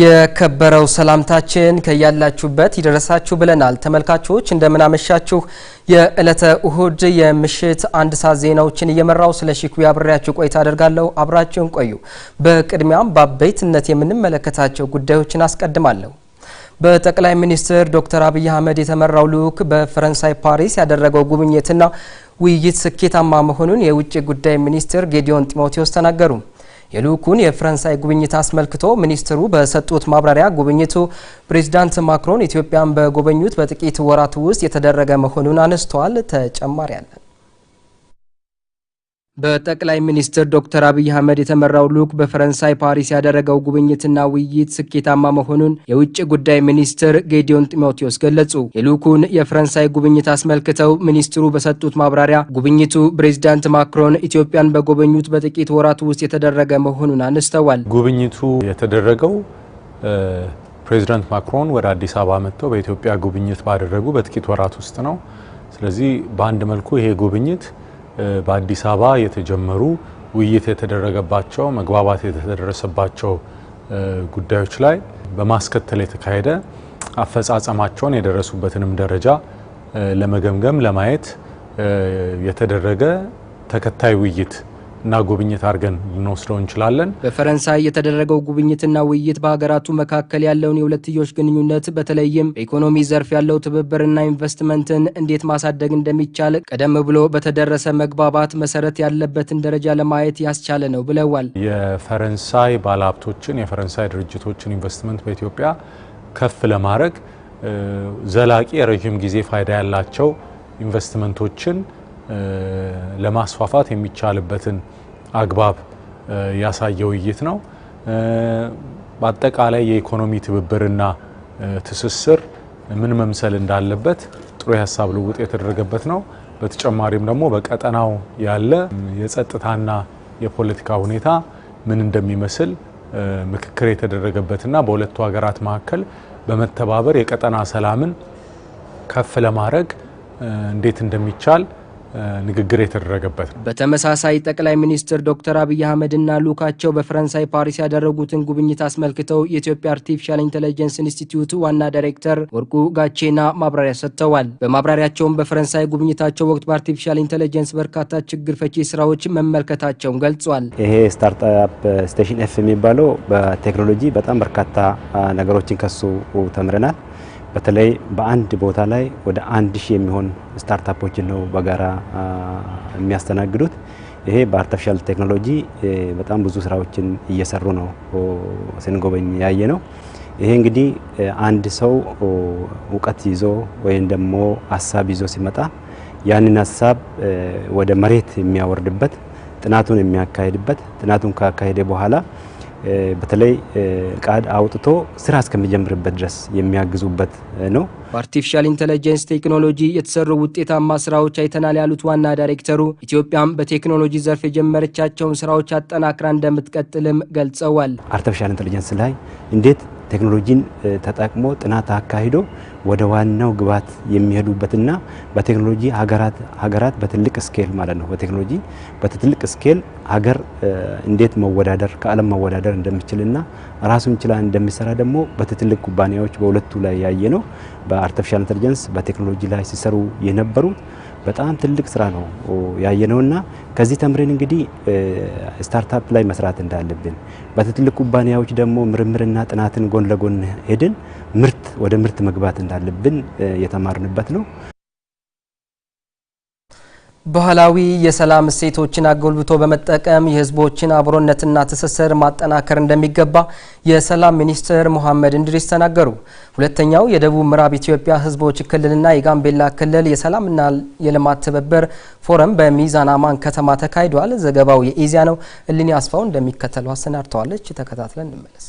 የከበረው ሰላምታችን ከያላችሁበት ይደረሳችሁ ብለናል። ተመልካቾች እንደምናመሻችሁ። የዕለተ እሁድ የምሽት አንድ ሰዓት ዜናዎችን እየመራው ስለ ሺኩ አብሬያችሁ ቆይታ አደርጋለሁ። አብራችሁን ቆዩ። በቅድሚያም በአበይትነት የምንመለከታቸው ጉዳዮችን አስቀድማለሁ። በጠቅላይ ሚኒስትር ዶክተር አብይ አህመድ የተመራው ልዑክ በፈረንሳይ ፓሪስ ያደረገው ጉብኝትና ውይይት ስኬታማ መሆኑን የውጭ ጉዳይ ሚኒስትር ጌዲዮን ጢሞቴዎስ ተናገሩ። የልኡኩን የፈረንሳይ ጉብኝት አስመልክቶ ሚኒስትሩ በሰጡት ማብራሪያ ጉብኝቱ ፕሬዚዳንት ማክሮን ኢትዮጵያን በጎበኙት በጥቂት ወራት ውስጥ የተደረገ መሆኑን አነስተዋል። ተጨማሪ አለን። በጠቅላይ ሚኒስትር ዶክተር አብይ አህመድ የተመራው ልዑክ በፈረንሳይ ፓሪስ ያደረገው ጉብኝትና ውይይት ስኬታማ መሆኑን የውጭ ጉዳይ ሚኒስትር ጌዲዮን ጢሞቴዎስ ገለጹ። የልዑኩን የፈረንሳይ ጉብኝት አስመልክተው ሚኒስትሩ በሰጡት ማብራሪያ ጉብኝቱ ፕሬዚዳንት ማክሮን ኢትዮጵያን በጎበኙት በጥቂት ወራት ውስጥ የተደረገ መሆኑን አነስተዋል። ጉብኝቱ የተደረገው ፕሬዚዳንት ማክሮን ወደ አዲስ አበባ መጥተው በኢትዮጵያ ጉብኝት ባደረጉ በጥቂት ወራት ውስጥ ነው። ስለዚህ በአንድ መልኩ ይሄ ጉብኝት በአዲስ አበባ የተጀመሩ ውይይት የተደረገባቸው መግባባት የተደረሰባቸው ጉዳዮች ላይ በማስከተል የተካሄደ አፈጻጸማቸውን የደረሱበትንም ደረጃ ለመገምገም ለማየት የተደረገ ተከታይ ውይይት እና ጉብኝት አድርገን ልንወስደው እንችላለን። በፈረንሳይ የተደረገው ጉብኝትና ውይይት በሀገራቱ መካከል ያለውን የሁለትዮሽ ግንኙነት በተለይም በኢኮኖሚ ዘርፍ ያለው ትብብርና ኢንቨስትመንትን እንዴት ማሳደግ እንደሚቻል ቀደም ብሎ በተደረሰ መግባባት መሰረት ያለበትን ደረጃ ለማየት ያስቻለ ነው ብለዋል። የፈረንሳይ ባለሀብቶችን፣ የፈረንሳይ ድርጅቶችን ኢንቨስትመንት በኢትዮጵያ ከፍ ለማድረግ ዘላቂ የረዥም ጊዜ ፋይዳ ያላቸው ኢንቨስትመንቶችን ለማስፋፋት የሚቻልበትን አግባብ ያሳየ ውይይት ነው። በአጠቃላይ የኢኮኖሚ ትብብርና ትስስር ምን መምሰል እንዳለበት ጥሩ የሀሳብ ልውውጥ የተደረገበት ነው። በተጨማሪም ደግሞ በቀጠናው ያለ የጸጥታና የፖለቲካ ሁኔታ ምን እንደሚመስል ምክክር የተደረገበትና በሁለቱ ሀገራት መካከል በመተባበር የቀጠና ሰላምን ከፍ ለማድረግ እንዴት እንደሚቻል ንግግር የተደረገበት ነው። በተመሳሳይ ጠቅላይ ሚኒስትር ዶክተር አብይ አህመድና ሉካቸው በፈረንሳይ ፓሪስ ያደረጉትን ጉብኝት አስመልክተው የኢትዮጵያ አርቲፊሻል ኢንቴሊጀንስ ኢንስቲትዩት ዋና ዳይሬክተር ወርቁ ጋቼና ማብራሪያ ሰጥተዋል። በማብራሪያቸውም በፈረንሳይ ጉብኝታቸው ወቅት በአርቲፊሻል ኢንቴሊጀንስ በርካታ ችግር ፈቺ ስራዎች መመልከታቸውን ገልጿል። ይሄ ስታርትአፕ ስቴሽን ኤፍ የሚባለው በቴክኖሎጂ በጣም በርካታ ነገሮችን ከሱ ተምረናል። በተለይ በአንድ ቦታ ላይ ወደ አንድ ሺህ የሚሆን ስታርታፖችን ነው በጋራ የሚያስተናግዱት። ይሄ በአርቲፊሻል ቴክኖሎጂ በጣም ብዙ ስራዎችን እየሰሩ ነው ስንጎበኝ ያየ ነው። ይሄ እንግዲህ አንድ ሰው እውቀት ይዞ ወይም ደግሞ ሀሳብ ይዞ ሲመጣ ያንን ሀሳብ ወደ መሬት የሚያወርድበት ጥናቱን የሚያካሄድበት ጥናቱን ካካሄደ በኋላ በተለይ ቃድ አውጥቶ ስራ እስከሚጀምርበት ድረስ የሚያግዙበት ነው። በአርቲፊሻል ኢንተለጀንስ ቴክኖሎጂ የተሰሩ ውጤታማ ስራዎች አይተናል ያሉት ዋና ዳይሬክተሩ ኢትዮጵያም በቴክኖሎጂ ዘርፍ የጀመረቻቸውን ስራዎች አጠናክራ እንደምትቀጥልም ገልጸዋል። አርቲፊሻል ኢንተለጀንስ ላይ እንዴት ቴክኖሎጂን ተጠቅሞ ጥናት አካሂዶ ወደ ዋናው ግብዓት የሚሄዱበትና በቴክኖሎጂ ሀገራት በትልቅ ስኬል ማለት ነው በቴክኖሎጂ በትልቅ ስኬል ሀገር እንዴት መወዳደር ከዓለም መወዳደር እንደሚችልና ራሱን ችላ እንደሚሰራ ደግሞ በትልቅ ኩባንያዎች በሁለቱ ላይ ያየ ነው። በአርቲፊሻል ኢንተለጀንስ በቴክኖሎጂ ላይ ሲሰሩ የነበሩ በጣም ትልቅ ስራ ነው ያየ ነውና ከዚህ ተምረን እንግዲህ ስታርታፕ ላይ መስራት እንዳለብን በትልቅ ኩባንያዎች ደግሞ ምርምርና ጥናትን ጎን ለጎን ሄድን ምርት ወደ ምርት መግባት እንዳለብን የተማርንበት ነው። ባህላዊ የሰላም እሴቶችን አጎልብቶ በመጠቀም የህዝቦችን አብሮነትና ትስስር ማጠናከር እንደሚገባ የሰላም ሚኒስትር ሙሐመድ እንድሪስ ተናገሩ። ሁለተኛው የደቡብ ምዕራብ ኢትዮጵያ ህዝቦች ክልልና የጋምቤላ ክልል የሰላምና የልማት ትብብር ፎረም በሚዛን አማን ከተማ ተካሂዷል። ዘገባው የኢዚያ ነው። እልኒ አስፋው እንደሚከተለው አሰናድተዋለች። ተከታትለን እንመለስ።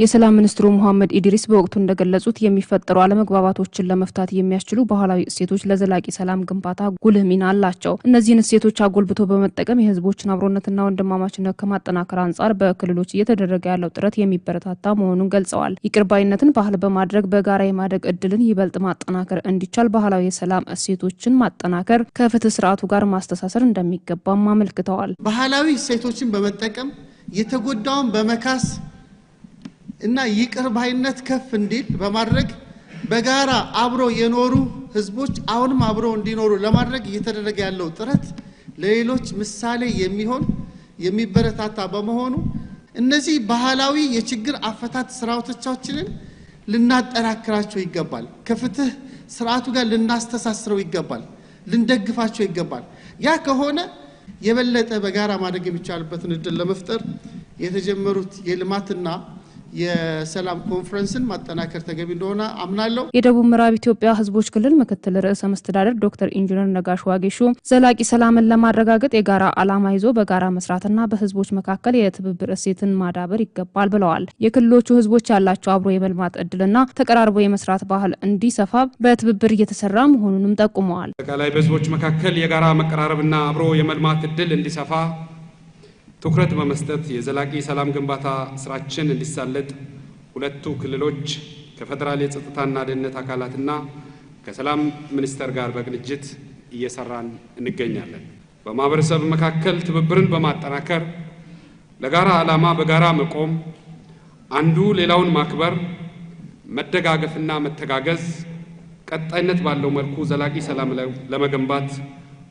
የሰላም ሚኒስትሩ ሙሐመድ ኢድሪስ በወቅቱ እንደገለጹት የሚፈጠሩ አለመግባባቶችን ለመፍታት የሚያስችሉ ባህላዊ እሴቶች ለዘላቂ ሰላም ግንባታ ጉልህ ሚና አላቸው። እነዚህን እሴቶች አጎልብቶ በመጠቀም የህዝቦችን አብሮነትና ወንድማማችነት ከማጠናከር አንጻር በክልሎች እየተደረገ ያለው ጥረት የሚበረታታ መሆኑን ገልጸዋል። ይቅርባይነትን ባህል በማድረግ በጋራ የማደግ እድልን ይበልጥ ማጠናከር እንዲቻል ባህላዊ የሰላም እሴቶችን ማጠናከር ከፍትህ ስርዓቱ ጋር ማስተሳሰር እንደሚገባም አመልክተዋል። ባህላዊ እሴቶችን በመጠቀም የተጎዳውን በመካስ እና ይቅር ባይነት ከፍ እንዲል በማድረግ በጋራ አብሮ የኖሩ ህዝቦች አሁንም አብሮ እንዲኖሩ ለማድረግ እየተደረገ ያለው ጥረት ለሌሎች ምሳሌ የሚሆን የሚበረታታ በመሆኑ እነዚህ ባህላዊ የችግር አፈታት ስራዎቻችንን ልናጠናክራቸው ይገባል። ከፍትህ ስርዓቱ ጋር ልናስተሳስረው ይገባል። ልንደግፋቸው ይገባል። ያ ከሆነ የበለጠ በጋራ ማድረግ የሚቻልበትን እድል ለመፍጠር የተጀመሩት የልማትና የሰላም ኮንፈረንስን ማጠናከር ተገቢ እንደሆነ አምናለሁ። የደቡብ ምዕራብ ኢትዮጵያ ህዝቦች ክልል ምክትል ርዕሰ መስተዳደር ዶክተር ኢንጂነር ነጋሽ ዋጌሾ ዘላቂ ሰላምን ለማረጋገጥ የጋራ ዓላማ ይዞ በጋራ መስራትና በህዝቦች መካከል የትብብር እሴትን ማዳበር ይገባል ብለዋል። የክልሎቹ ህዝቦች ያላቸው አብሮ የመልማት እድልና ተቀራርቦ የመስራት ባህል እንዲሰፋ በትብብር እየተሰራ መሆኑንም ጠቁመዋል። አጠቃላይ በህዝቦች መካከል የጋራ መቀራረብና አብሮ የመልማት እድል እንዲሰፋ ትኩረት በመስጠት የዘላቂ ሰላም ግንባታ ስራችን እንዲሳለጥ ሁለቱ ክልሎች ከፌዴራል የጸጥታና ደህንነት አካላትና ከሰላም ሚኒስቴር ጋር በቅንጅት እየሰራን እንገኛለን። በማህበረሰብ መካከል ትብብርን በማጠናከር ለጋራ ዓላማ በጋራ መቆም፣ አንዱ ሌላውን ማክበር፣ መደጋገፍና መተጋገዝ ቀጣይነት ባለው መልኩ ዘላቂ ሰላም ለመገንባት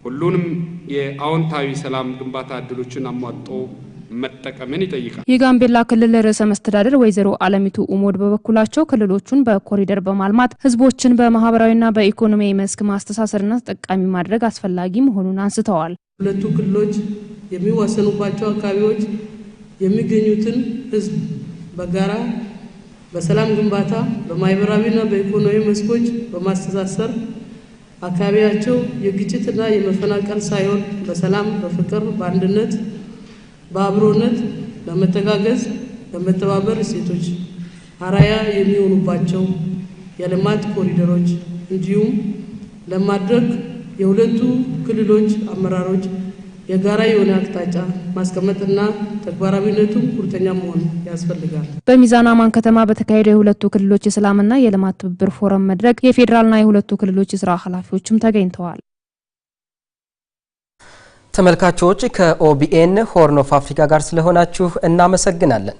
ሁሉንም የአዎንታዊ ሰላም ግንባታ እድሎችን አሟጦ መጠቀምን ይጠይቃል። የጋምቤላ ክልል ርዕሰ መስተዳደር ወይዘሮ አለሚቱ ኡሞድ በበኩላቸው ክልሎቹን በኮሪደር በማልማት ህዝቦችን በማህበራዊና በኢኮኖሚ መስክ ማስተሳሰርና ተጠቃሚ ማድረግ አስፈላጊ መሆኑን አንስተዋል። ሁለቱ ክልሎች የሚዋሰኑባቸው አካባቢዎች የሚገኙትን ህዝብ በጋራ በሰላም ግንባታ በማህበራዊና በኢኮኖሚ መስኮች በማስተሳሰር አካባቢያቸው የግጭትና የመፈናቀል ሳይሆን በሰላም፣ በፍቅር፣ በአንድነት፣ በአብሮነት፣ በመተጋገዝ፣ በመተባበር እሴቶች አራያ የሚሆኑባቸው የልማት ኮሪደሮች እንዲሁም ለማድረግ የሁለቱ ክልሎች አመራሮች የጋራ የሆነ አቅጣጫ ማስቀመጥና ተግባራዊነቱም ቁርጠኛ መሆን ያስፈልጋል። በሚዛን አማን ከተማ በተካሄደ የሁለቱ ክልሎች የሰላምና የልማት ትብብር ፎረም መድረክ የፌዴራልና የሁለቱ ክልሎች የስራ ኃላፊዎችም ተገኝተዋል። ተመልካቾች ከኦቢኤን ሆርን ኦፍ አፍሪካ ጋር ስለሆናችሁ እናመሰግናለን።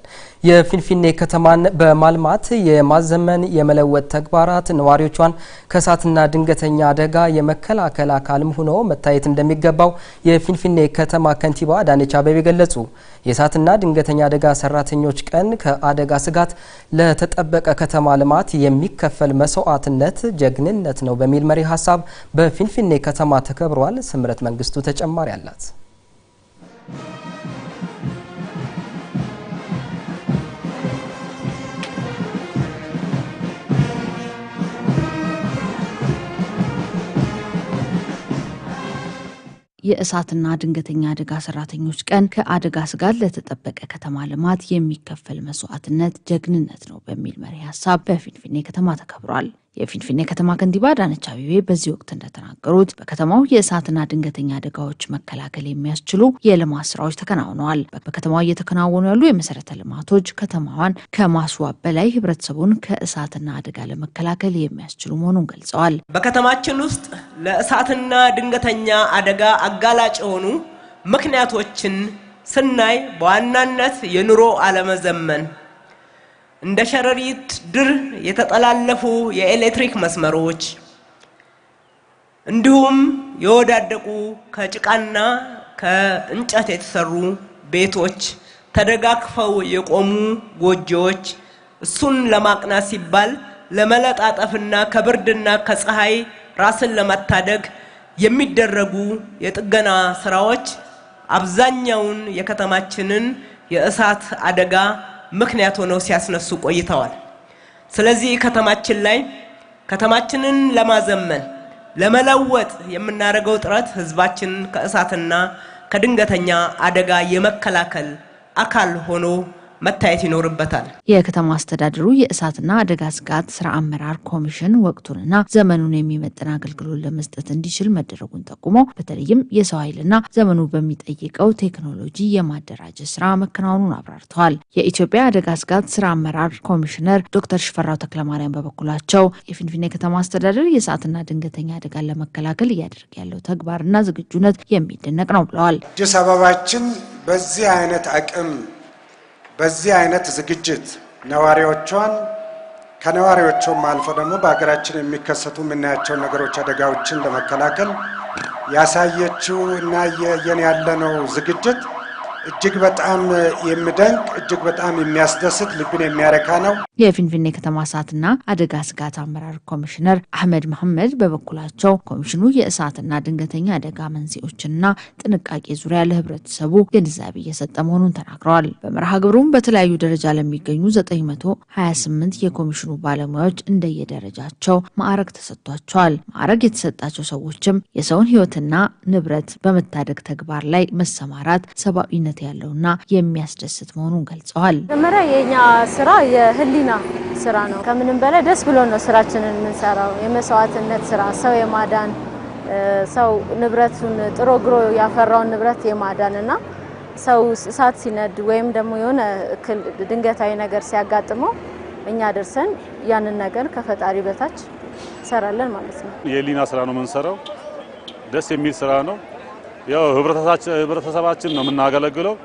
የፊንፊኔ ከተማን በማልማት የማዘመን የመለወጥ ተግባራት ነዋሪዎቿን ከእሳትና ድንገተኛ አደጋ የመከላከል አካልም ሆኖ መታየት እንደሚገባው የፊንፊኔ ከተማ ከንቲባ አዳነች አበቤ ገለጹ። የእሳትና ድንገተኛ አደጋ ሰራተኞች ቀን ከአደጋ ስጋት ለተጠበቀ ከተማ ልማት የሚከፈል መስዋዕትነት ጀግንነት ነው በሚል መሪ ሀሳብ በፊንፊኔ ከተማ ተከብሯል። ስምረት መንግስቱ ተጨማሪ አላት። የእሳትና ድንገተኛ አደጋ ሰራተኞች ቀን ከአደጋ ስጋት ለተጠበቀ ከተማ ልማት የሚከፈል መስዋዕትነት ጀግንነት ነው በሚል መሪ ሀሳብ በፊንፊኔ ከተማ ተከብሯል። የፊንፊኔ ከተማ ከንቲባ አዳነች አቤቤ በዚህ ወቅት እንደተናገሩት በከተማው የእሳትና ድንገተኛ አደጋዎች መከላከል የሚያስችሉ የልማት ስራዎች ተከናውነዋል። በከተማዋ እየተከናወኑ ያሉ የመሰረተ ልማቶች ከተማዋን ከማስዋብ በላይ ህብረተሰቡን ከእሳትና አደጋ ለመከላከል የሚያስችሉ መሆኑን ገልጸዋል። በከተማችን ውስጥ ለእሳትና ድንገተኛ አደጋ አጋላጭ የሆኑ ምክንያቶችን ስናይ በዋናነት የኑሮ አለመዘመን እንደ ሸረሪት ድር የተጠላለፉ የኤሌክትሪክ መስመሮች እንዲሁም የወዳደቁ ከጭቃና ከእንጨት የተሰሩ ቤቶች፣ ተደጋግፈው የቆሙ ጎጆዎች እሱን ለማቅናት ሲባል ለመለጣጠፍና ከብርድና ከፀሐይ ራስን ለመታደግ የሚደረጉ የጥገና ስራዎች አብዛኛውን የከተማችንን የእሳት አደጋ ምክንያት ሆነው ሲያስነሱ ቆይተዋል። ስለዚህ ከተማችን ላይ ከተማችንን ለማዘመን ለመለወጥ የምናደርገው ጥረት ህዝባችንን ከእሳትና ከድንገተኛ አደጋ የመከላከል አካል ሆኖ መታየት ይኖርበታል። የከተማ አስተዳደሩ የእሳትና አደጋ ስጋት ስራ አመራር ኮሚሽን ወቅቱንና ዘመኑን የሚመጥን አገልግሎት ለመስጠት እንዲችል መደረጉን ጠቁሞ በተለይም የሰው ኃይልና ዘመኑ በሚጠይቀው ቴክኖሎጂ የማደራጀት ስራ መከናወኑን አብራርተዋል። የኢትዮጵያ አደጋ ስጋት ስራ አመራር ኮሚሽነር ዶክተር ሽፈራው ተክለማርያም በበኩላቸው የፊንፊኔ ከተማ አስተዳደር የእሳትና ድንገተኛ አደጋን ለመከላከል እያደረገ ያለው ተግባርና ዝግጁነት የሚደነቅ ነው ብለዋል። አዲስ አበባችን በዚህ አይነት አቅም በዚህ አይነት ዝግጅት ነዋሪዎቿን ከነዋሪዎቿም አልፎ ደግሞ በሀገራችን የሚከሰቱ የምናያቸው ነገሮች አደጋዎችን ለመከላከል ያሳየችው እና እያየን ያለነው ዝግጅት እጅግ በጣም የሚደንቅ እጅግ በጣም የሚያስደስት ልብን የሚያረካ ነው። የፊንፊኔ ከተማ እሳትና አደጋ ስጋት አመራር ኮሚሽነር አህመድ መሐመድ በበኩላቸው ኮሚሽኑ የእሳትና ድንገተኛ አደጋ መንስኤዎችና ጥንቃቄ ዙሪያ ለህብረተሰቡ ግንዛቤ እየሰጠ መሆኑን ተናግረዋል። በመርሃ ግብሩም በተለያዩ ደረጃ ለሚገኙ 928 የኮሚሽኑ ባለሙያዎች እንደየደረጃቸው ማዕረግ ተሰጥቷቸዋል። ማዕረግ የተሰጣቸው ሰዎችም የሰውን ህይወትና ንብረት በመታደግ ተግባር ላይ መሰማራት ሰብአዊነት ተደራሽነት ያለውና የሚያስደስት መሆኑን ገልጸዋል። መጀመሪያ የኛ ስራ የህሊና ስራ ነው። ከምንም በላይ ደስ ብሎ ነው ስራችንን የምንሰራው። የመስዋዕትነት ስራ፣ ሰው የማዳን ሰው ንብረቱን ጥሮ ግሮ ያፈራውን ንብረት የማዳን እና ሰው እሳት ሲነድ ወይም ደግሞ የሆነ ድንገታዊ ነገር ሲያጋጥመው እኛ ደርሰን ያንን ነገር ከፈጣሪ በታች እንሰራለን ማለት ነው። የህሊና ስራ ነው የምንሰራው። ደስ የሚል ስራ ነው። ያው ህብረተሰባችን ነው የምናገለግለው።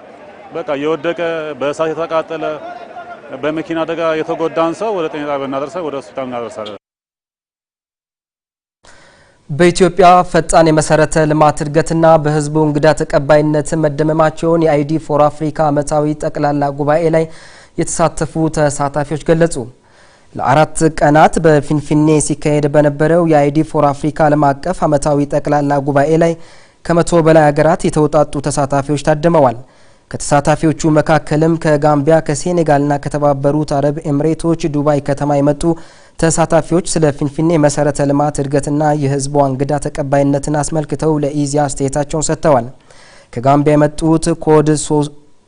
በቃ የወደቀ በእሳት የተቃጠለ በመኪና አደጋ የተጎዳን ሰው ወደ ጤና ጣቢያ እናደርሳል፣ ወደ ሆስፒታል እናደርሳለን። በኢትዮጵያ ፈጣን የመሰረተ ልማት እድገትና በህዝቡ እንግዳ ተቀባይነት መደመማቸውን የአይዲ ፎር አፍሪካ ዓመታዊ ጠቅላላ ጉባኤ ላይ የተሳተፉ ተሳታፊዎች ገለጹ። ለአራት ቀናት በፊንፊኔ ሲካሄድ በነበረው የአይዲ ፎር አፍሪካ ዓለም አቀፍ ዓመታዊ ጠቅላላ ጉባኤ ላይ ከመቶ በላይ ሀገራት የተውጣጡ ተሳታፊዎች ታድመዋል። ከተሳታፊዎቹ መካከልም ከጋምቢያ፣ ከሴኔጋልና ከተባበሩት አረብ ኤምሬቶች ዱባይ ከተማ የመጡ ተሳታፊዎች ስለ ፊንፊኔ መሰረተ ልማት እድገትና የህዝቧ እንግዳ ተቀባይነትን አስመልክተው ለኢዜአ አስተያየታቸውን ሰጥተዋል። ከጋምቢያ የመጡት ኮድ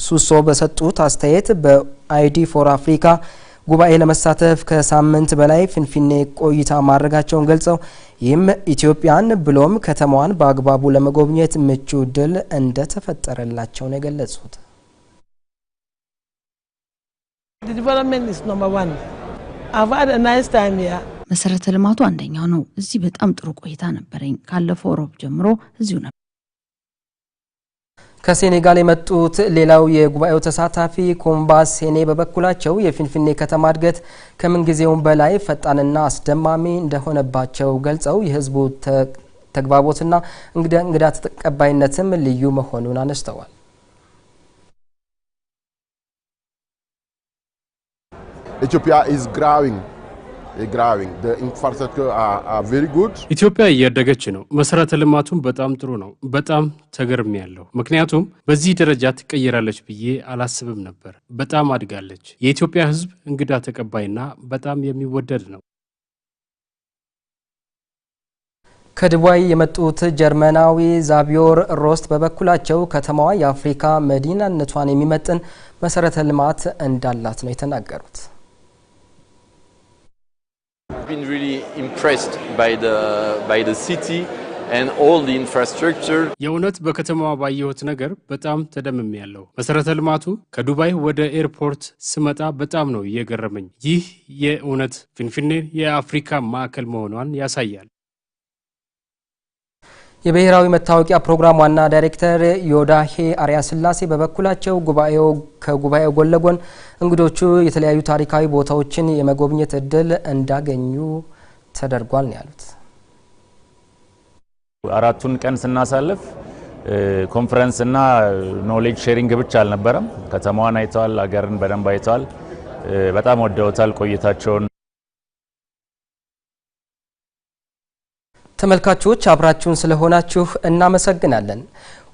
ሱሶ በሰጡት አስተያየት በአይዲ ፎር አፍሪካ ጉባኤ ለመሳተፍ ከሳምንት በላይ ፍንፍኔ ቆይታ ማድረጋቸውን ገልጸው ይህም ኢትዮጵያን ብሎም ከተማዋን በአግባቡ ለመጎብኘት ምቹ ድል እንደተፈጠረላቸው ነው የገለጹት። መሰረተ ልማቱ አንደኛው ነው። እዚህ በጣም ጥሩ ቆይታ ነበረኝ። ካለፈው ሮብ ጀምሮ እዚሁ ነበር። ከሴኔጋል የመጡት ሌላው የጉባኤው ተሳታፊ ኮምባስ ሴኔ በበኩላቸው የፊንፊኔ ከተማ እድገት ከምንጊዜውም በላይ ፈጣንና አስደማሚ እንደሆነባቸው ገልጸው የህዝቡ ተግባቦትና እንግዳ ተቀባይነትም ልዩ መሆኑን አነስተዋል። ኢትዮጵያ ኢዝ ግራዊንግ Uh, ኢትዮጵያ እያደገች ነው። መሰረተ ልማቱም በጣም ጥሩ ነው። በጣም ተገርሚ ያለው ምክንያቱም በዚህ ደረጃ ትቀየራለች ብዬ አላስብም ነበር። በጣም አድጋለች። የኢትዮጵያ ሕዝብ እንግዳ ተቀባይና በጣም የሚወደድ ነው። ከድባይ የመጡት ጀርመናዊ ዛቢዮር ሮስት በበኩላቸው ከተማዋ የአፍሪካ መዲናነቷን የሚመጥን መሰረተ ልማት እንዳላት ነው የተናገሩት። been really impressed by the, by the city and all the infrastructure የእውነት በከተማዋ ባየሁት ነገር በጣም ተደምሜ መሰረተ ልማቱ ከዱባይ ወደ ኤርፖርት ስመጣ በጣም ነው እየገረመኝ። ይህ የእውነት ፊንፊኔ የአፍሪካ ማዕከል መሆኗን ያሳያል። የብሔራዊ መታወቂያ ፕሮግራም ዋና ዳይሬክተር ዮዳሄ አርያ ስላሴ በበኩላቸው ጉባኤው ከጉባኤው ጎን ለጎን እንግዶቹ የተለያዩ ታሪካዊ ቦታዎችን የመጎብኘት እድል እንዳገኙ ተደርጓል ነው ያሉት። አራቱን ቀን ስናሳልፍ ኮንፈረንስ እና ኖሌጅ ሼሪንግ ብቻ አልነበረም። ከተማዋን አይተዋል፣ አገርን በደንብ አይተዋል። በጣም ወደውታል ቆይታቸውን ተመልካቾች አብራችሁን ስለሆናችሁ እናመሰግናለን።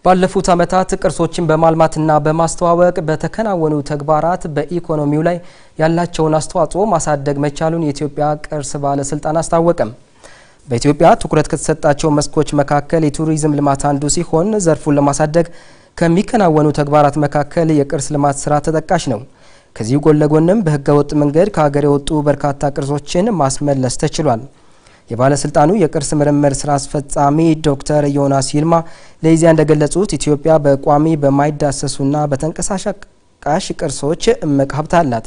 ባለፉት ዓመታት ቅርሶችን በማልማትና በማስተዋወቅ በተከናወኑ ተግባራት በኢኮኖሚው ላይ ያላቸውን አስተዋጽኦ ማሳደግ መቻሉን የኢትዮጵያ ቅርስ ባለስልጣን አስታወቀም። በኢትዮጵያ ትኩረት ከተሰጣቸው መስኮች መካከል የቱሪዝም ልማት አንዱ ሲሆን ዘርፉን ለማሳደግ ከሚከናወኑ ተግባራት መካከል የቅርስ ልማት ስራ ተጠቃሽ ነው። ከዚህ ጎን ለጎንም በህገወጥ መንገድ ከሀገር የወጡ በርካታ ቅርሶችን ማስመለስ ተችሏል። የባለስልጣኑ የቅርስ ምርምር ስራ አስፈጻሚ ዶክተር ዮናስ ይልማ ለኢዜአ እንደገለጹት ኢትዮጵያ በቋሚ በማይዳሰሱና በተንቀሳቃሽ ቅርሶች እምቅ ሀብት አላት።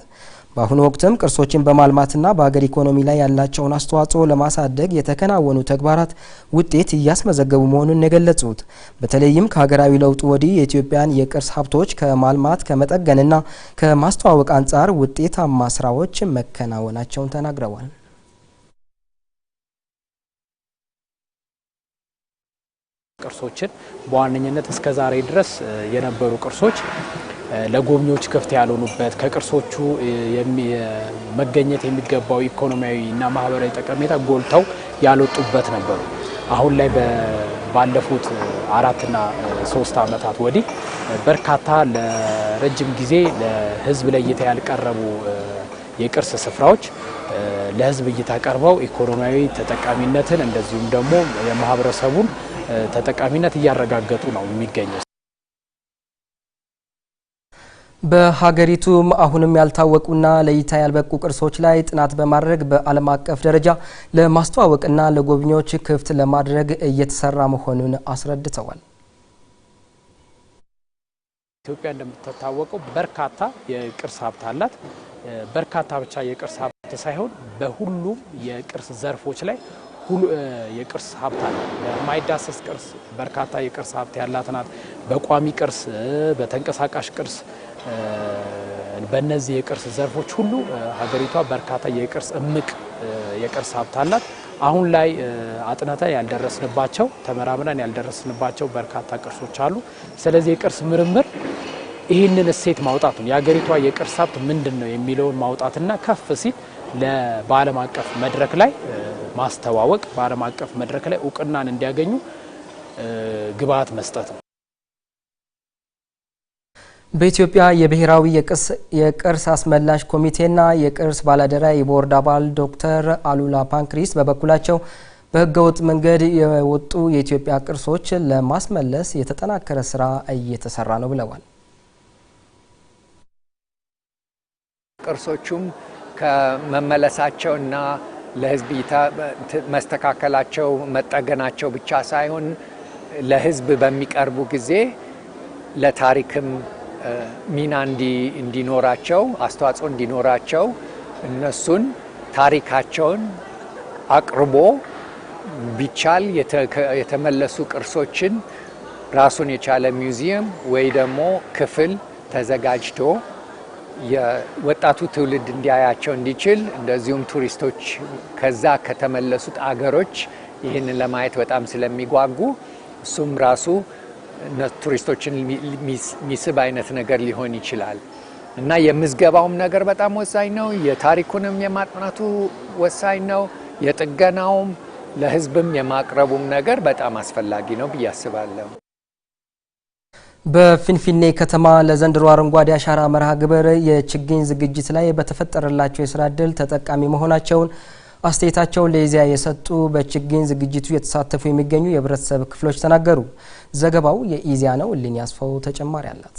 በአሁኑ ወቅትም ቅርሶችን በማልማትና በሀገር ኢኮኖሚ ላይ ያላቸውን አስተዋጽኦ ለማሳደግ የተከናወኑ ተግባራት ውጤት እያስመዘገቡ መሆኑን የገለጹት በተለይም ከሀገራዊ ለውጡ ወዲህ የኢትዮጵያን የቅርስ ሀብቶች ከማልማት ከመጠገንና ከማስተዋወቅ አንጻር ውጤታማ ስራዎች መከናወናቸውን ተናግረዋል። ቅርሶችን በዋነኝነት እስከ ዛሬ ድረስ የነበሩ ቅርሶች ለጎብኚዎች ክፍት ያልሆኑበት ከቅርሶቹ መገኘት የሚገባው ኢኮኖሚያዊ እና ማህበራዊ ጠቀሜታ ጎልተው ያልወጡበት ነበሩ። አሁን ላይ ባለፉት አራትና ሶስት ዓመታት ወዲህ በርካታ ለረጅም ጊዜ ለህዝብ ለእይታ ያልቀረቡ የቅርስ ስፍራዎች ለህዝብ እይታ ቀርበው ኢኮኖሚያዊ ተጠቃሚነትን እንደዚሁም ደግሞ የማህበረሰቡን ተጠቃሚነት እያረጋገጡ ነው የሚገኘው። በሀገሪቱም አሁንም ያልታወቁና ለእይታ ያልበቁ ቅርሶች ላይ ጥናት በማድረግ በዓለም አቀፍ ደረጃ ለማስተዋወቅና ለጎብኚዎች ክፍት ለማድረግ እየተሰራ መሆኑን አስረድተዋል። ኢትዮጵያ እንደምትታወቀው በርካታ የቅርስ ሀብት አላት። በርካታ ብቻ የቅርስ ሀብት ሳይሆን በሁሉም የቅርስ ዘርፎች ላይ የቅርስ ሀብት አለ። የማይዳሰስ ቅርስ በርካታ የቅርስ ሀብት ያላት ናት። በቋሚ ቅርስ፣ በተንቀሳቃሽ ቅርስ፣ በእነዚህ የቅርስ ዘርፎች ሁሉ ሀገሪቷ በርካታ የቅርስ እምቅ የቅርስ ሀብት አላት። አሁን ላይ አጥነተን ያልደረስንባቸው ተመራምረን ያልደረስንባቸው በርካታ ቅርሶች አሉ። ስለዚህ የቅርስ ምርምር ይህንን እሴት ነው የሀገሪቷ የቅርስ ሀብት ምንድን ነው የሚለውን ማውጣትና ከፍ ሲል በዓለም አቀፍ መድረክ ላይ ማስተዋወቅ፣ በዓለም አቀፍ መድረክ ላይ እውቅናን እንዲያገኙ ግብዓት መስጠት ነው። በኢትዮጵያ የብሔራዊ የቅርስ አስመላሽ ኮሚቴና የቅርስ ባላደራ የቦርድ አባል ዶክተር አሉላ ፓንክሪስ በበኩላቸው በህገወጥ መንገድ የወጡ የኢትዮጵያ ቅርሶች ለማስመለስ የተጠናከረ ስራ እየተሰራ ነው ብለዋል። ቅርሶቹም ከመመለሳቸውና ለህዝብ መስተካከላቸው መጠገናቸው ብቻ ሳይሆን ለህዝብ በሚቀርቡ ጊዜ ለታሪክም ሚና እንዲኖራቸው አስተዋጽኦ እንዲኖራቸው እነሱን ታሪካቸውን አቅርቦ ቢቻል የተመለሱ ቅርሶችን ራሱን የቻለ ሚውዚየም ወይ ደግሞ ክፍል ተዘጋጅቶ የወጣቱ ትውልድ እንዲያያቸው እንዲችል እንደዚሁም ቱሪስቶች ከዛ ከተመለሱት አገሮች ይህንን ለማየት በጣም ስለሚጓጉ እሱም ራሱ ቱሪስቶችን የሚስብ አይነት ነገር ሊሆን ይችላል እና የምዝገባውም ነገር በጣም ወሳኝ ነው። የታሪኩንም የማጥናቱ ወሳኝ ነው። የጥገናውም ለህዝብም የማቅረቡም ነገር በጣም አስፈላጊ ነው ብዬ አስባለሁ። በፊንፊኔ ከተማ ለዘንድሮ አረንጓዴ አሻራ መርሃ ግብር የችግኝ ዝግጅት ላይ በተፈጠረላቸው የስራ እድል ተጠቃሚ መሆናቸውን አስተያየታቸውን ለኢዜአ የሰጡ በችግኝ ዝግጅቱ የተሳተፉ የሚገኙ የህብረተሰብ ክፍሎች ተናገሩ። ዘገባው የኢዜአ ነው። እልኝ ያስፈው ተጨማሪ አላት።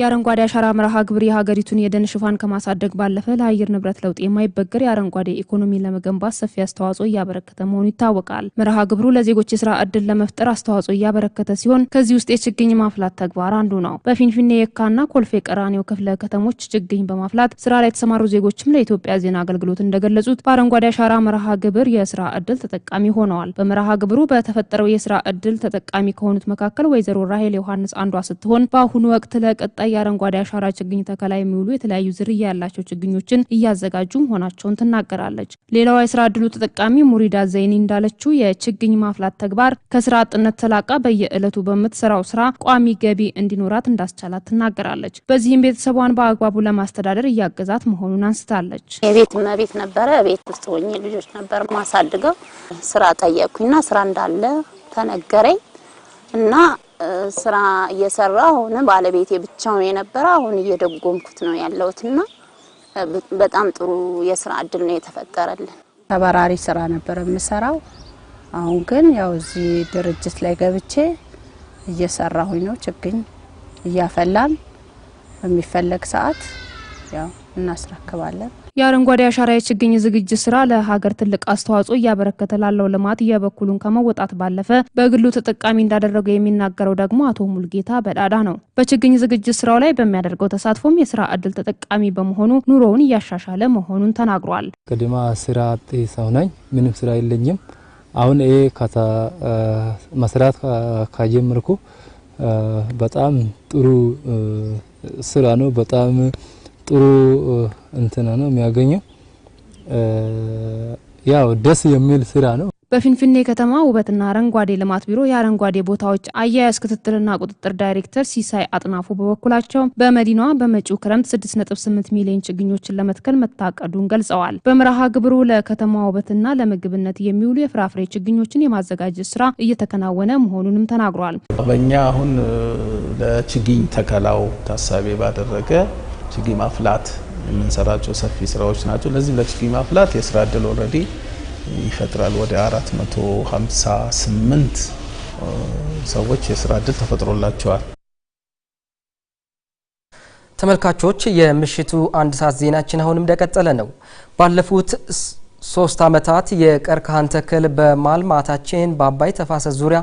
የአረንጓዴ አሻራ መርሃ ግብር የሀገሪቱን የደን ሽፋን ከማሳደግ ባለፈ ለአየር ንብረት ለውጥ የማይበገር የአረንጓዴ ኢኮኖሚን ለመገንባት ሰፊ አስተዋጽኦ እያበረከተ መሆኑ ይታወቃል። መርሃ ግብሩ ለዜጎች የስራ እድል ለመፍጠር አስተዋጽኦ እያበረከተ ሲሆን ከዚህ ውስጥ የችግኝ ማፍላት ተግባር አንዱ ነው። በፊንፊኔ የካና ኮልፌ ቀራኒዮ ክፍለ ከተሞች ችግኝ በማፍላት ስራ ላይ የተሰማሩ ዜጎችም ለኢትዮጵያ ዜና አገልግሎት እንደገለጹት በአረንጓዴ አሻራ መርሃ ግብር የስራ እድል ተጠቃሚ ሆነዋል። በመርሃ ግብሩ በተፈጠረው የስራ እድል ተጠቃሚ ከሆኑት መካከል ወይዘሮ ራሄል ዮሐንስ አንዷ ስትሆን በአሁኑ ወቅት ለቀጣ ለቀጣይ የአረንጓዴ አሻራ ችግኝ ተከላ የሚውሉ የተለያዩ ዝርያ ያላቸው ችግኞችን እያዘጋጁ መሆናቸውን ትናገራለች። ሌላዋ የስራ እድሉ ተጠቃሚ ሙሪዳ ዘይኒ እንዳለችው የችግኝ ማፍላት ተግባር ከስራ አጥነት ተላቃ በየዕለቱ በምትሰራው ስራ ቋሚ ገቢ እንዲኖራት እንዳስቻላት ትናገራለች። በዚህም ቤተሰቧን በአግባቡ ለማስተዳደር እያገዛት መሆኑን አንስታለች። የቤት እመቤት ነበረ። ቤት ውስጥ ሆኜ ልጆች ነበር ማሳድገው። ስራ ጠየቅኩኝና ስራ እንዳለ ተነገረኝ እና ስራ እየሰራ አሁን ባለቤቴ ብቻው የነበረ አሁን እየደጎምኩት ነው ያለሁትና በጣም ጥሩ የስራ እድል ነው የተፈጠረልን። ተበራሪ ስራ ነበር የምሰራው። አሁን ግን ያው እዚህ ድርጅት ላይ ገብቼ እየሰራሁኝ ነው። ችግኝ እያፈላን በሚፈለግ ሰዓት ያው እናስረክባለን። የአረንጓዴ አሻራ የችግኝ ዝግጅት ስራ ለሀገር ትልቅ አስተዋጽኦ እያበረከተ ላለው ልማት የበኩሉን ከመወጣት ባለፈ በግሉ ተጠቃሚ እንዳደረገው የሚናገረው ደግሞ አቶ ሙልጌታ በዳዳ ነው። በችግኝ ዝግጅት ስራው ላይ በሚያደርገው ተሳትፎም የስራ እድል ተጠቃሚ በመሆኑ ኑሮውን እያሻሻለ መሆኑን ተናግሯል። ቅድማ ስራ አጥ ሰው ነኝ፣ ምንም ስራ የለኝም። አሁን ይሄ መስራት ካጀምርኩ በጣም ጥሩ ስራ ነው። በጣም ጥሩ እንትን ነው የሚያገኘው። ያው ደስ የሚል ስራ ነው። በፊንፊኔ ከተማ ውበትና አረንጓዴ ልማት ቢሮ የአረንጓዴ ቦታዎች አያያዝ ክትትልና ቁጥጥር ዳይሬክተር ሲሳይ አጥናፉ በበኩላቸው በመዲናዋ በመጪው ክረምት 6.8 ሚሊዮን ችግኞችን ለመትከል መታቀዱን ገልጸዋል። በመርሃ ግብሩ ለከተማ ውበትና ለምግብነት የሚውሉ የፍራፍሬ ችግኞችን የማዘጋጀት ስራ እየተከናወነ መሆኑንም ተናግሯል። በእኛ አሁን ለችግኝ ተከላው ታሳቢ ባደረገ ችግኝ ማፍላት የምንሰራቸው ሰፊ ስራዎች ናቸው። ለዚህም ለችግኝ ማፍላት የስራ እድል ኦልሬዲ ይፈጥራል። ወደ 458 ሰዎች የስራ እድል ተፈጥሮላቸዋል። ተመልካቾች የምሽቱ አንድ ሰዓት ዜናችን አሁንም እንደቀጠለ ነው። ባለፉት ሶስት ዓመታት የቀርከሃን ተክል በማልማታችን በአባይ ተፋሰስ ዙሪያ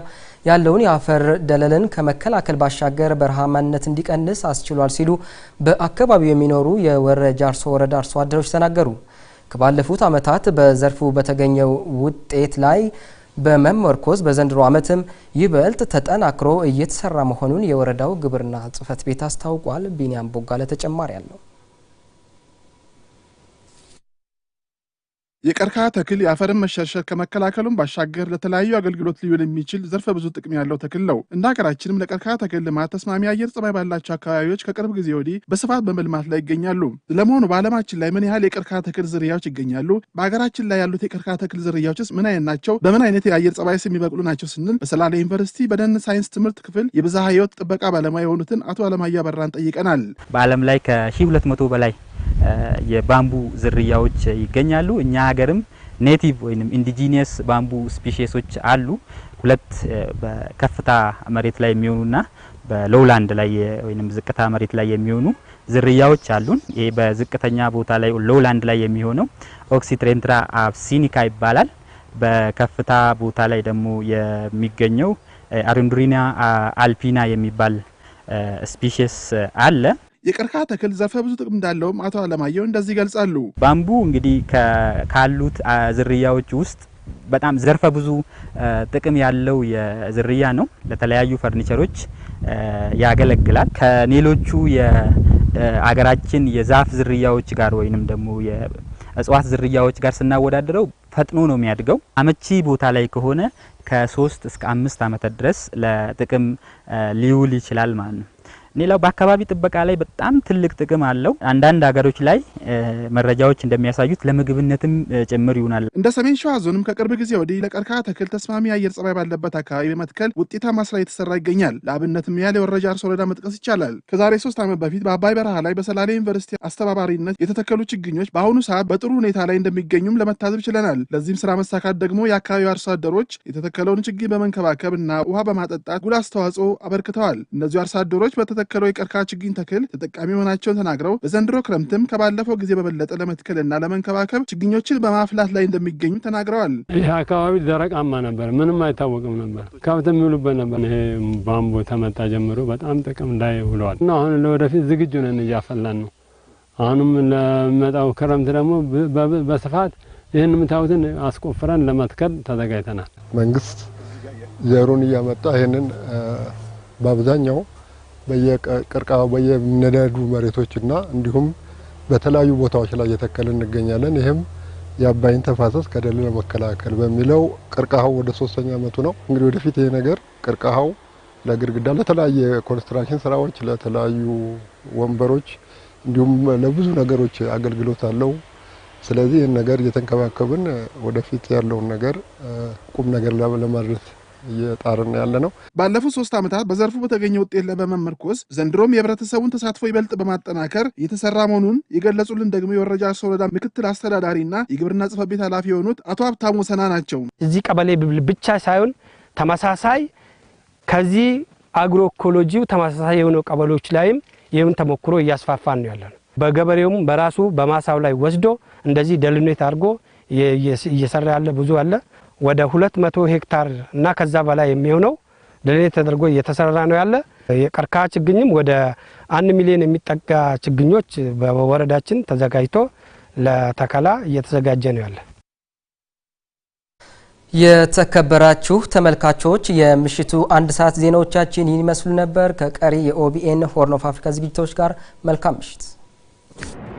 ያለውን የአፈር ደለልን ከመከላከል ባሻገር በረሃማነት እንዲቀንስ አስችሏል ሲሉ በአካባቢው የሚኖሩ የወረ ጃርሶ ወረዳ አርሶ አደሮች ተናገሩ። ከባለፉት ዓመታት በዘርፉ በተገኘው ውጤት ላይ በመመርኮዝ በዘንድሮ ዓመትም ይበልጥ ተጠናክሮ እየተሰራ መሆኑን የወረዳው ግብርና ጽሕፈት ቤት አስታውቋል። ቢኒያም ቦጋለ ተጨማሪ አለው። የቀርከሃ ተክል የአፈርን መሸርሸር ከመከላከሉም ባሻገር ለተለያዩ አገልግሎት ሊውል የሚችል ዘርፈ ብዙ ጥቅም ያለው ተክል ነው። እንደ ሀገራችንም ለቀርከሃ ተክል ልማት ተስማሚ አየር ጸባይ ባላቸው አካባቢዎች ከቅርብ ጊዜ ወዲህ በስፋት በመልማት ላይ ይገኛሉ። ለመሆኑ በዓለማችን ላይ ምን ያህል የቀርከሃ ተክል ዝርያዎች ይገኛሉ? በሀገራችን ላይ ያሉት የቀርከሃ ተክል ዝርያዎችስ ምን አይነት ናቸው? በምን አይነት የአየር ጸባይስ የሚበቅሉ ናቸው ስንል በሰላሌ ዩኒቨርሲቲ በደን ሳይንስ ትምህርት ክፍል የብዝሃ ህይወት ጥበቃ ባለሙያ የሆኑትን አቶ አለማያ በራን ጠይቀናል። በዓለም ላይ ከ ሁለት መቶ በላይ የባምቡ ዝርያዎች ይገኛሉ። እኛ ሀገርም ኔቲቭ ወይም ኢንዲጂኒየስ ባምቡ ስፒሽሶች አሉ። ሁለት በከፍታ መሬት ላይ የሚሆኑና በሎውላንድ ላይ ወይም ዝቅታ መሬት ላይ የሚሆኑ ዝርያዎች አሉን። ይሄ በዝቅተኛ ቦታ ላይ ሎውላንድ ላይ የሚሆነው ኦክሲትሬንትራ አብሲኒካ ይባላል። በከፍታ ቦታ ላይ ደግሞ የሚገኘው አሩንዱሪና አልፒና የሚባል ስፒሽስ አለ። የቀርከሃ ተክል ዘርፈ ብዙ ጥቅም እንዳለውም አቶ አለማየሁ እንደዚህ ይገልጻሉ። ባምቡ እንግዲህ ካሉት ዝርያዎች ውስጥ በጣም ዘርፈ ብዙ ጥቅም ያለው የዝርያ ነው። ለተለያዩ ፈርኒቸሮች ያገለግላል። ከሌሎቹ የአገራችን የዛፍ ዝርያዎች ጋር ወይንም ደግሞ የእጽዋት ዝርያዎች ጋር ስናወዳደረው ፈጥኖ ነው የሚያድገው። አመቺ ቦታ ላይ ከሆነ ከሶስት እስከ አምስት ዓመታት ድረስ ለጥቅም ሊውል ይችላል ማለት ነው። ሌላው በአካባቢ ጥበቃ ላይ በጣም ትልቅ ጥቅም አለው። አንዳንድ ሀገሮች ላይ መረጃዎች እንደሚያሳዩት ለምግብነትም ጭምር ይሆናል። እንደ ሰሜን ሸዋ ዞንም ከቅርብ ጊዜ ወዲህ ለቀርከሃ ተክል ተስማሚ አየር ጸባይ ባለበት አካባቢ በመትከል ውጤታማ ስራ የተሰራ ይገኛል። ለአብነትም ያህል የወረጃ አርሶ ወረዳ መጥቀስ ይቻላል። ከዛሬ ሶስት ዓመት በፊት በአባይ በረሃ ላይ በሰላሌ ዩኒቨርሲቲ አስተባባሪነት የተተከሉ ችግኞች በአሁኑ ሰዓት በጥሩ ሁኔታ ላይ እንደሚገኙም ለመታዘብ ችለናል። ለዚህም ስራ መሳካት ደግሞ የአካባቢው አርሶ አደሮች የተተከለውን ችግኝ በመንከባከብ እና ውሃ በማጠጣት ጉል አስተዋጽኦ አበርክተዋል። እነዚሁ አርሶ አደሮች የተተከለው የቀርከሃ ችግኝ ተክል ተጠቃሚ መሆናቸውን ተናግረው በዘንድሮ ክረምትም ከባለፈው ጊዜ በበለጠ ለመትከልና ለመንከባከብ ችግኞችን በማፍላት ላይ እንደሚገኙ ተናግረዋል። ይህ አካባቢ ደረቃማ ነበር፣ ምንም አይታወቅም ነበር። ከብት የሚውሉበት ነበር። ይሄ ባምቦ ተመጣ ጀምሮ በጣም ጥቅም ላይ ውለዋል እና አሁን ለወደፊት ዝግጁ ነን፣ እያፈላን ነው። አሁንም ለመጣው ክረምት ደግሞ በስፋት ይህን የምታዩትን አስቆፍረን ለመትከል ተዘጋጅተናል። መንግስት ዘሩን እያመጣ ይህንን በአብዛኛው በየቀርቃው በየነደዱ መሬቶችና እንዲሁም በተለያዩ ቦታዎች ላይ እየተከልን እንገኛለን። ይህም የአባይን ተፋሰስ ከደል ለመከላከል በሚለው ቅርቃሀው ወደ ሶስተኛ አመቱ ነው። እንግዲህ ወደፊት ይሄ ነገር ቅርቃሀው ለግድግዳ፣ ለተለያየ ኮንስትራክሽን ስራዎች፣ ለተለያዩ ወንበሮች እንዲሁም ለብዙ ነገሮች አገልግሎት አለው። ስለዚህ ይህን ነገር እየተንከባከብን ወደፊት ያለውን ነገር ቁም ነገር ለማድረስ እየጣርን ያለ ነው። ባለፉት ሶስት ዓመታት በዘርፉ በተገኘ ውጤት ላይ በመመርኮዝ ዘንድሮም የህብረተሰቡን ተሳትፎ ይበልጥ በማጠናከር እየተሰራ መሆኑን የገለጹልን ደግሞ የወረጃ አርሶ ወረዳ ምክትል አስተዳዳሪና የግብርና ጽሕፈት ቤት ኃላፊ የሆኑት አቶ ሀብታሙ ሰና ናቸው። እዚህ ቀበሌ ብብል ብቻ ሳይሆን ተመሳሳይ ከዚህ አግሮ ኢኮሎጂው ተመሳሳይ የሆኑ ቀበሌዎች ላይም ይህም ተሞክሮ እያስፋፋን ነው ያለነው። በገበሬውም በራሱ በማሳው ላይ ወስዶ እንደዚህ ደልኔት አድርጎ እየሰራ ያለ ብዙ አለ። ወደ 200 ሄክታር እና ከዛ በላይ የሚሆነው ለሌ ተደርጎ እየተሰራ ነው ያለ። የቀርከሃ ችግኝም ወደ አንድ ሚሊዮን የሚጠጋ ችግኞች በወረዳችን ተዘጋጅቶ ለተከላ እየተዘጋጀ ነው ያለ። የተከበራችሁ ተመልካቾች የምሽቱ አንድ ሰዓት ዜናዎቻችን ይህን ይመስሉ ነበር። ከቀሪ የኦቢኤን ሆርን ኦፍ አፍሪካ ዝግጅቶች ጋር መልካም ምሽት።